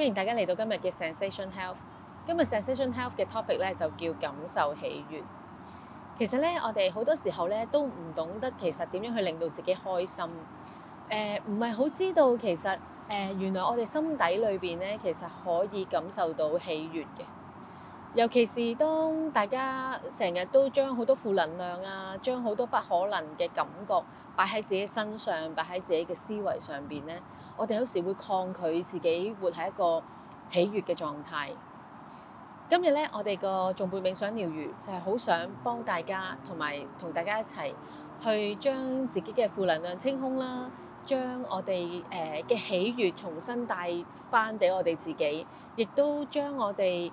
歡迎大家嚟到今日嘅 Zensation Health。今日 Zensation Health 嘅 topic 咧就叫感受喜悅。其實咧，我哋好多時候咧都唔懂得其實點樣去令到自己開心。誒、呃，唔係好知道其實誒、呃，原來我哋心底裏邊咧其實可以感受到喜悅嘅。尤其是當大家成日都將好多負能量啊，將好多不可能嘅感覺擺喺自己身上，擺喺自己嘅思維上邊咧，我哋有時會抗拒自己活喺一個喜悅嘅狀態。今日咧，我哋個頌缽冥想療愈就係、是、好想幫大家同埋同大家一齊去將自己嘅負能量清空啦，將我哋誒嘅喜悅重新帶翻俾我哋自己，亦都將我哋。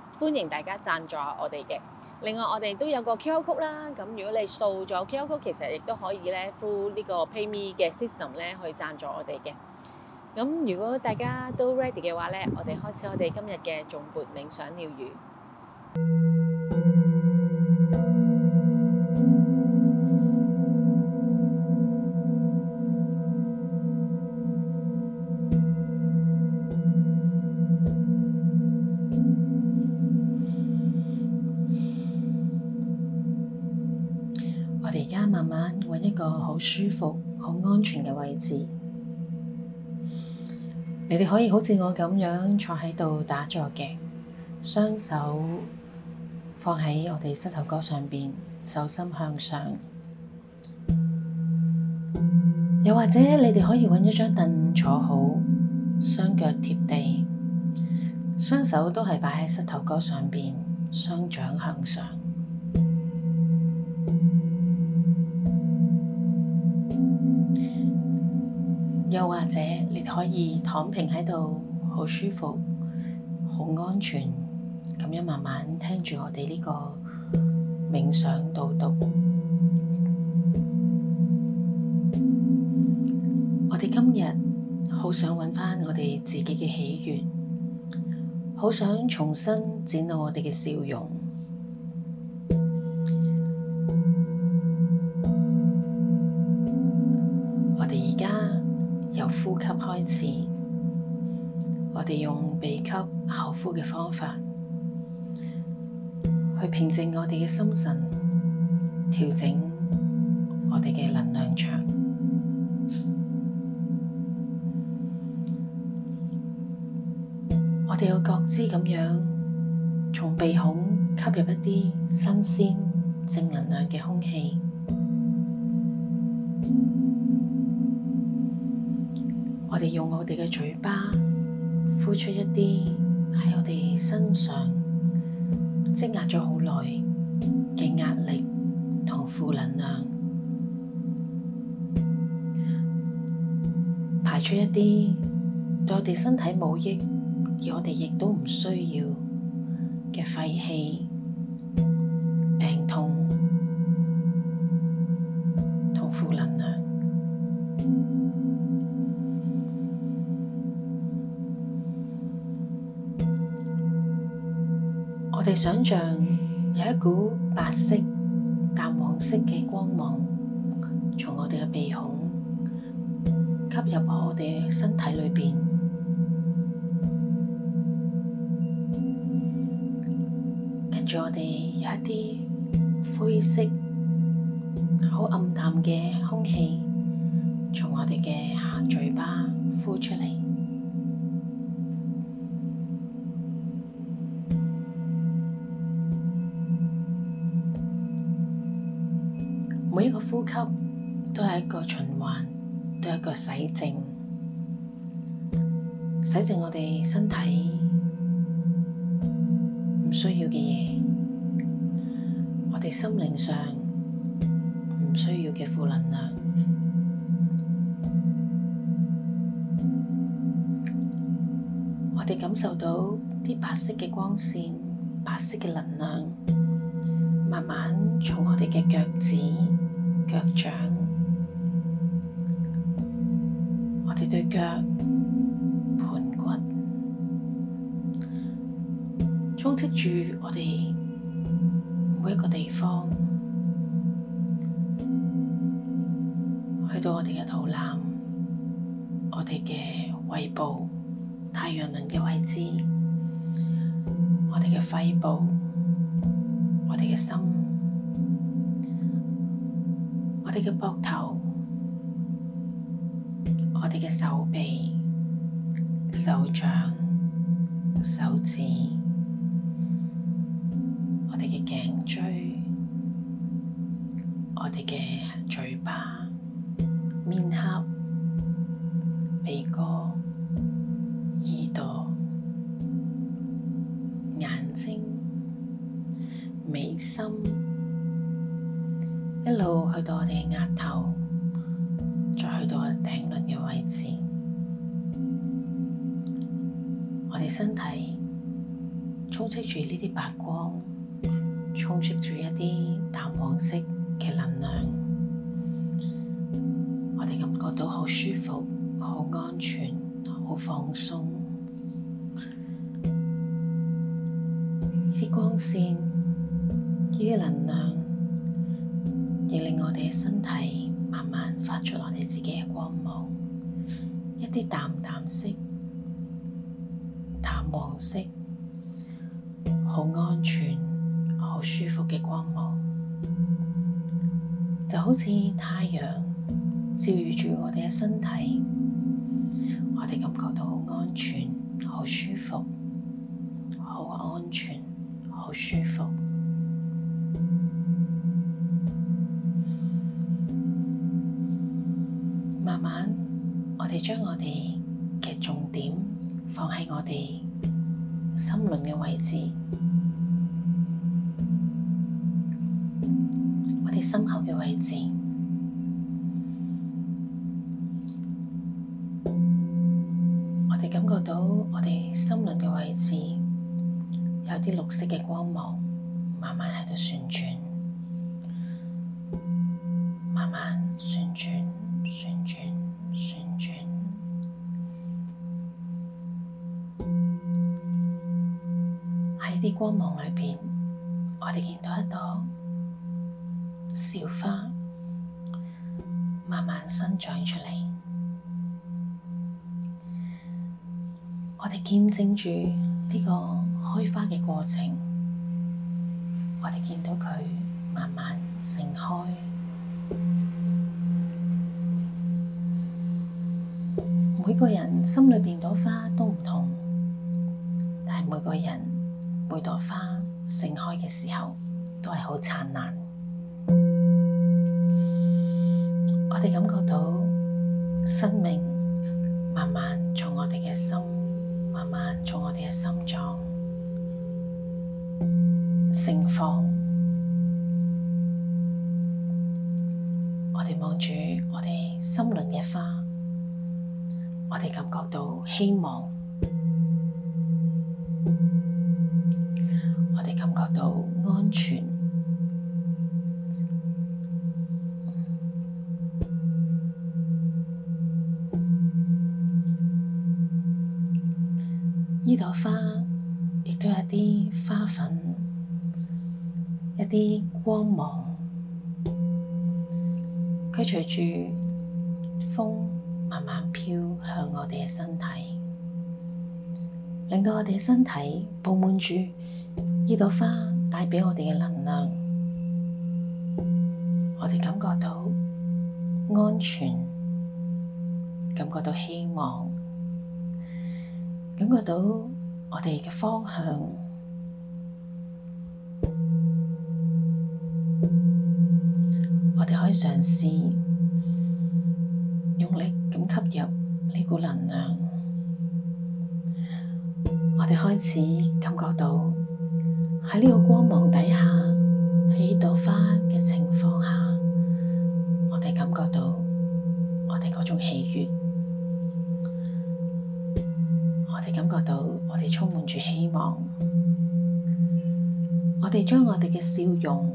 歡迎大家贊助我哋嘅。另外，我哋都有個 QR code 啦。咁如果你掃咗 QR code，其實亦都可以咧，呼呢個 PayMe 嘅 system 咧去贊助我哋嘅。咁如果大家都 ready 嘅話咧，我哋開始我哋今日嘅頌缽冥想療癒。舒服、好安全嘅位置，你哋可以好似我咁樣坐喺度打坐嘅，雙手放喺我哋膝頭哥上邊，手心向上；又或者你哋可以揾一張凳坐好，雙腳貼地，雙手都係擺喺膝頭哥上邊，雙掌向上。又或者你可以躺平喺度，好舒服，好安全，咁樣慢慢聽住我哋呢個冥想導讀。我哋今日好想揾翻我哋自己嘅喜悅，好想重新展露我哋嘅笑容。我哋用鼻吸口呼嘅方法，去平靜我哋嘅心神，調整我哋嘅能量場。我哋要覺知咁樣，從鼻孔吸入一啲新鮮正能量嘅空氣。利用我哋嘅嘴巴呼出一啲喺我哋身上積壓咗好耐嘅壓力同負能量，排出一啲對我哋身體冇益而我哋亦都唔需要嘅廢氣、病痛同負能量。我哋想象有一股白色、淡黃色嘅光芒從我哋嘅鼻孔吸入我哋嘅身體裏邊，跟住我哋有一啲灰色、好暗淡嘅空氣從我哋嘅嘴巴呼出嚟。每一個呼吸都係一個循環，都係一個洗淨，洗淨我哋身體唔需要嘅嘢，我哋心靈上唔需要嘅負能量，我哋感受到啲白色嘅光線，白色嘅能量，慢慢從我哋嘅腳趾，腳掌，我哋對腳盤骨，充斥住我哋每一個地方，去到我哋嘅肚腩，我哋嘅胃部、太陽輪嘅位置，我哋嘅肺部，我哋嘅心。我哋嘅膊頭，我哋嘅手臂、手掌、手指，我哋嘅頸椎，我哋嘅嘴巴、面頰。去到我哋嘅額頭，再去到我哋頂輪嘅位置，我哋身體充斥住呢啲白光，充斥住一啲淡黃色嘅能量，我哋感覺到好舒服、好安全、好放鬆，呢啲光線、呢啲能量。出來你自己嘅光芒，一啲淡淡色、淡黃色，好安全、好舒服嘅光芒，就好似太陽照耀住我哋嘅身體，我哋感覺到好安全、好舒服、好安全、好舒服。我哋將我哋嘅重點放喺我哋心輪嘅位置，我哋心口嘅位置。我哋感覺到我哋心輪嘅位置有啲綠色嘅光芒，慢慢喺度旋轉。啲光芒裏邊，我哋見到一朵小花，慢慢生長出嚟。我哋見證住呢個開花嘅過程，我哋見到佢慢慢盛開。每個人心裏邊朵花都唔同，但係每個人。每朵花盛開嘅時候，都係好燦爛。我哋感覺到生命慢慢從我哋嘅心，慢慢從我哋嘅心臟盛放。我哋望住我哋心靈嘅花，我哋感覺到希望。個度安全，呢朵花亦都有啲花粉，一啲光芒，佢隨住風慢慢飄向我哋嘅身體，令到我哋嘅身體布滿住。呢朵花帶畀我哋嘅能量，我哋感覺到安全，感覺到希望，感覺到我哋嘅方向。我哋可以嘗試用力咁吸入呢股能量，我哋開始感覺到。喺呢個光芒底下，喺呢朵花嘅情況下，我哋感覺到我哋嗰種喜悅，我哋感覺到我哋充滿住希望，我哋將我哋嘅笑容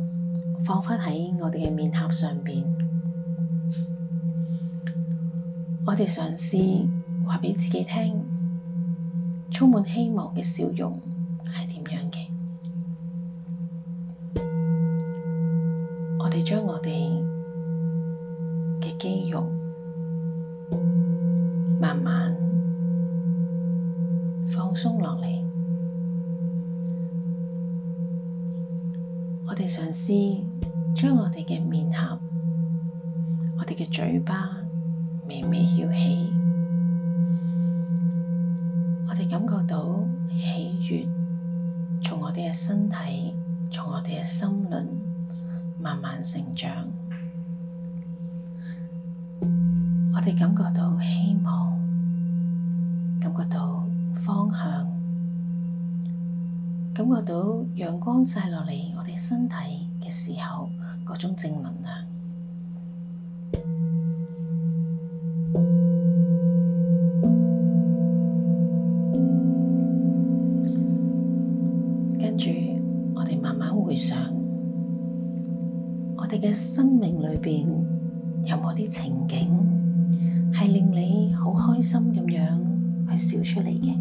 放翻喺我哋嘅面頰上邊，我哋嘗試話俾自己聽，充滿希望嘅笑容係點？將我哋嘅肌肉慢慢放鬆落嚟，我哋嘗試將我哋嘅面頰、我哋嘅嘴巴微微翹起。成長，我哋感覺到希望，感覺到方向，感覺到陽光曬落嚟我哋身體嘅時候，嗰種正能量。你嘅生命裏邊有冇啲情景係令你好開心咁樣去笑出嚟嘅？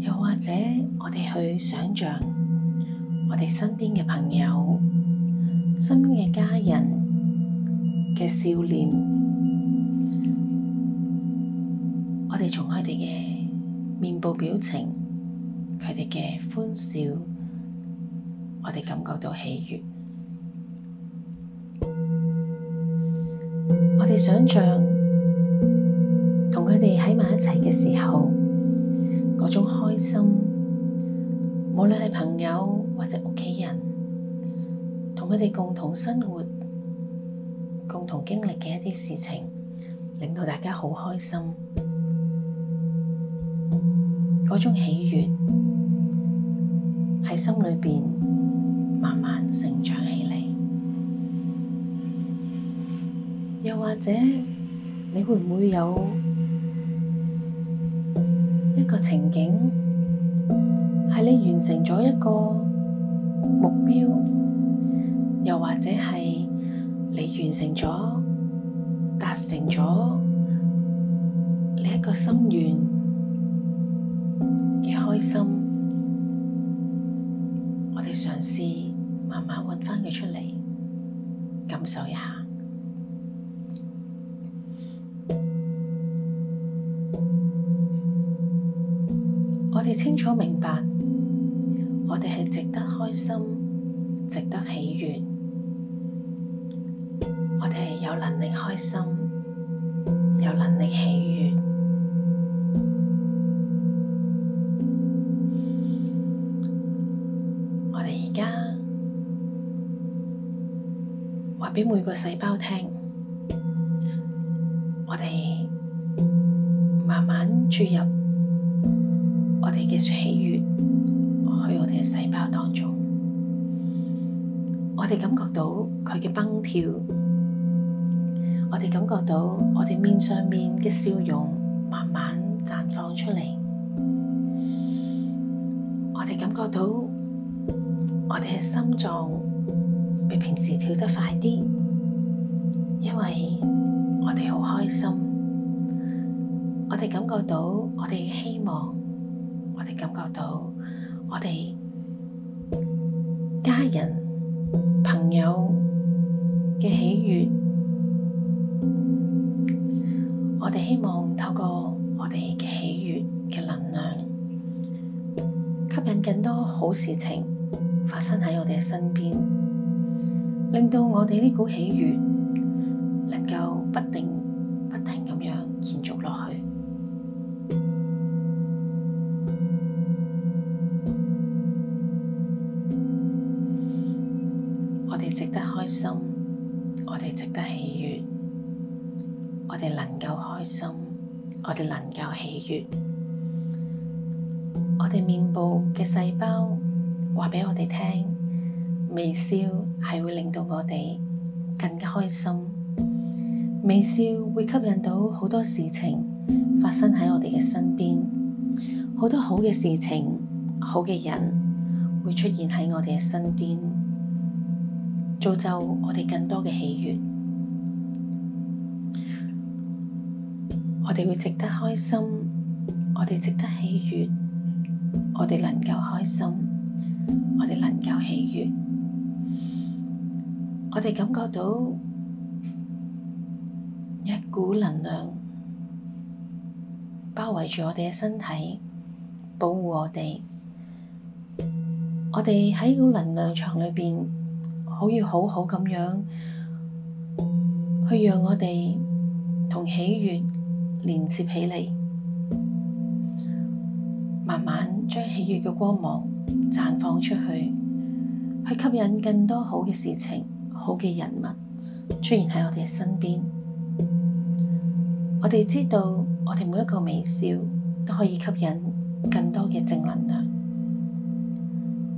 又或者我哋去想象我哋身邊嘅朋友、身邊嘅家人嘅笑臉，我哋從佢哋嘅面部表情、佢哋嘅歡笑。我哋感覺到喜悅，我哋想象同佢哋喺埋一齊嘅時候，嗰種開心，無論係朋友或者屋企人，同佢哋共同生活、共同經歷嘅一啲事情，令到大家好開心，嗰種喜悅喺心裏邊。慢慢成長起嚟，又或者你會唔會有一個情景，係你完成咗一個目標，又或者係你完成咗、達成咗你一個心願嘅開心？我哋嘗試。慢慢揾翻佢出嚟，感受一下。我哋清楚明白，我哋係值得開心，值得喜悅。我哋係有能力開心，有能力喜悅。俾每個細胞聽，我哋慢慢注入我哋嘅喜悅去我哋嘅細胞當中。我哋感覺到佢嘅蹦跳，我哋感覺到我哋面上面嘅笑容慢慢綻放出嚟。我哋感覺到我哋嘅心臟。平時跳得快啲，因為我哋好開心，我哋感覺到，我哋希望，我哋感覺到我們，我哋家人朋友嘅喜悅，我哋希望透過我哋嘅喜悅嘅能量，吸引更多好事情發生喺我哋嘅身邊。令到我哋呢股喜悅能夠不停、不停咁樣延續落去， 我哋值得開心，我哋值得喜悅，我哋能夠開心，我哋能夠喜悅，我哋面部嘅細胞話畀我哋聽。微笑係會令到我哋更加開心，微笑會吸引到好多事情發生喺我哋嘅身邊，好多好嘅事情，好嘅人會出現喺我哋嘅身邊，造就我哋更多嘅喜悅。我哋會值得開心，我哋值得喜悅，我哋能夠開心，我哋能夠喜悅。我哋感覺到一股能量包圍住我哋嘅身體，保護我哋。我哋喺呢股能量場裏邊，可以好好咁樣去讓我哋同喜悅連接起嚟，慢慢將喜悅嘅光芒綻放出去，去吸引更多好嘅事情。好嘅人物出現喺我哋嘅身邊，我哋知道我哋每一個微笑都可以吸引更多嘅正能量。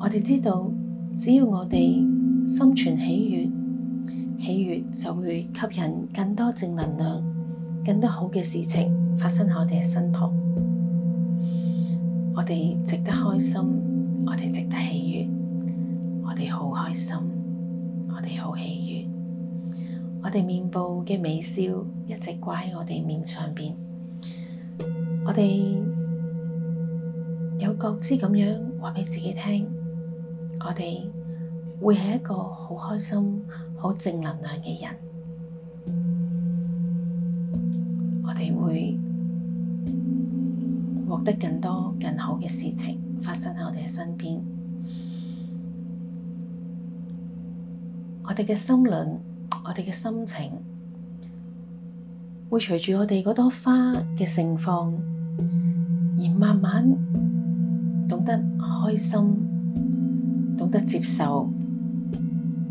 我哋知道，只要我哋心存喜悦，喜悦就會吸引更多正能量，更多好嘅事情發生喺我哋嘅身旁。我哋值得開心，我哋值得喜悦，我哋好開心。我哋好喜悅，我哋面部嘅微笑一直掛喺我哋面上邊，我哋有覺知咁樣話俾自己聽，我哋會係一個好開心、好正能量嘅人，我哋會獲得更多更好嘅事情發生喺我哋嘅身邊。我哋嘅心輪，我哋嘅心情，會隨住我哋嗰朵花嘅盛放，而慢慢懂得開心，懂得接受，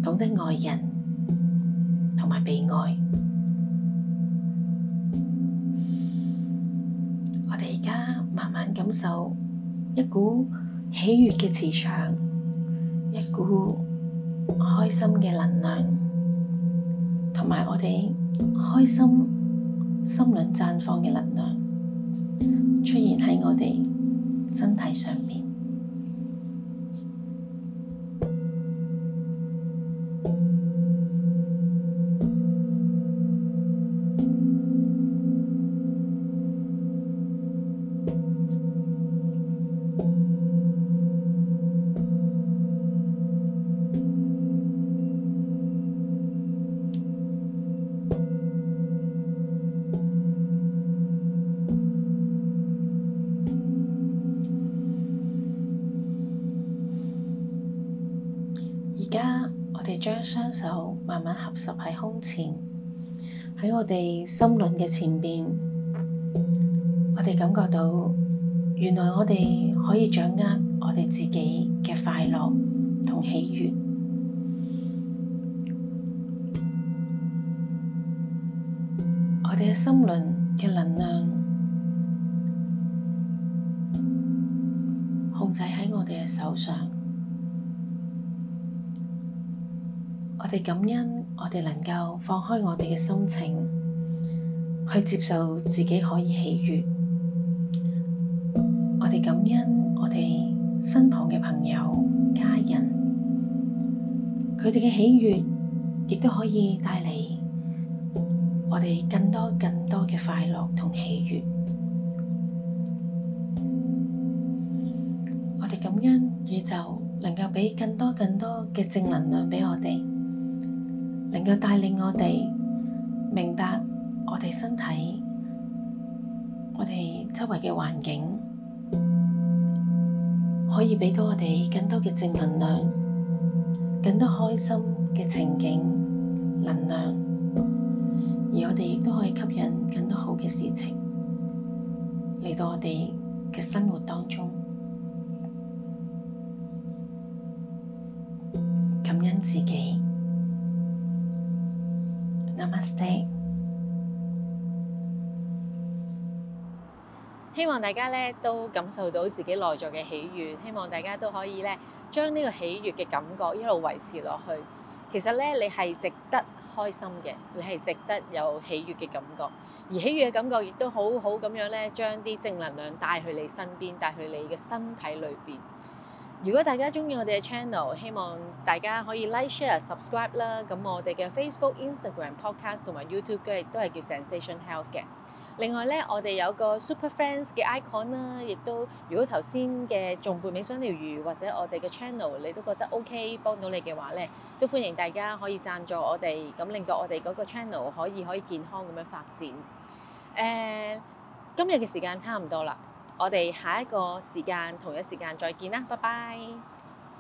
懂得愛人，同埋被愛。我哋而家慢慢感受一股喜悅嘅磁場，一股。開心嘅能量，同埋我哋開心心靈綻放嘅能量，出現喺我哋身體上面。將雙手慢慢合十喺胸前，喺我哋心輪嘅前面，我哋感覺到，原來我哋可以掌握我哋自己嘅快樂同喜悅。我哋嘅心輪嘅能量控制喺我哋嘅手上。我哋感恩，我哋能夠放開我哋嘅心情去接受自己可以喜悅。我哋感恩，我哋身旁嘅朋友、家人，佢哋嘅喜悅亦都可以帶嚟我哋更多更多嘅快樂同喜悅。我哋感恩宇宙能夠畀更多更多嘅正能量畀我哋。能夠帶領我哋明白我哋身體、我哋周圍嘅環境，可以畀到我哋更多嘅正能量、更多開心嘅情景能量，而我哋亦都可以吸引更多好嘅事情嚟到我哋嘅生活當中，感恩自己。希望大家咧都感受到自己內在嘅喜悅，希望大家都可以咧將呢個喜悅嘅感覺一路維持落去。其實咧，你係值得開心嘅，你係值得有喜悅嘅感覺，而喜悅嘅感覺亦都好好咁樣咧，將啲正能量帶去你身邊，帶去你嘅身體裏邊。如果大家中意我哋嘅 channel，希望大家可以 like、share、subscribe 啦。咁我哋嘅 Facebook、Instagram、Podcast 同埋 YouTube 都係都係叫《Zensation Health》嘅。另外咧，我哋有個 Super Friends 嘅 icon 啦，亦都如果頭先嘅頌缽冥想療癒或者我哋嘅 channel，你都覺得 OK，幫到你嘅話咧，都歡迎大家可以贊助我哋，咁令到我哋嗰個 channel 可以可以健康咁樣發展。誒，今日嘅時間差唔多啦。我哋下一個時間，同一時間再見啦，拜拜。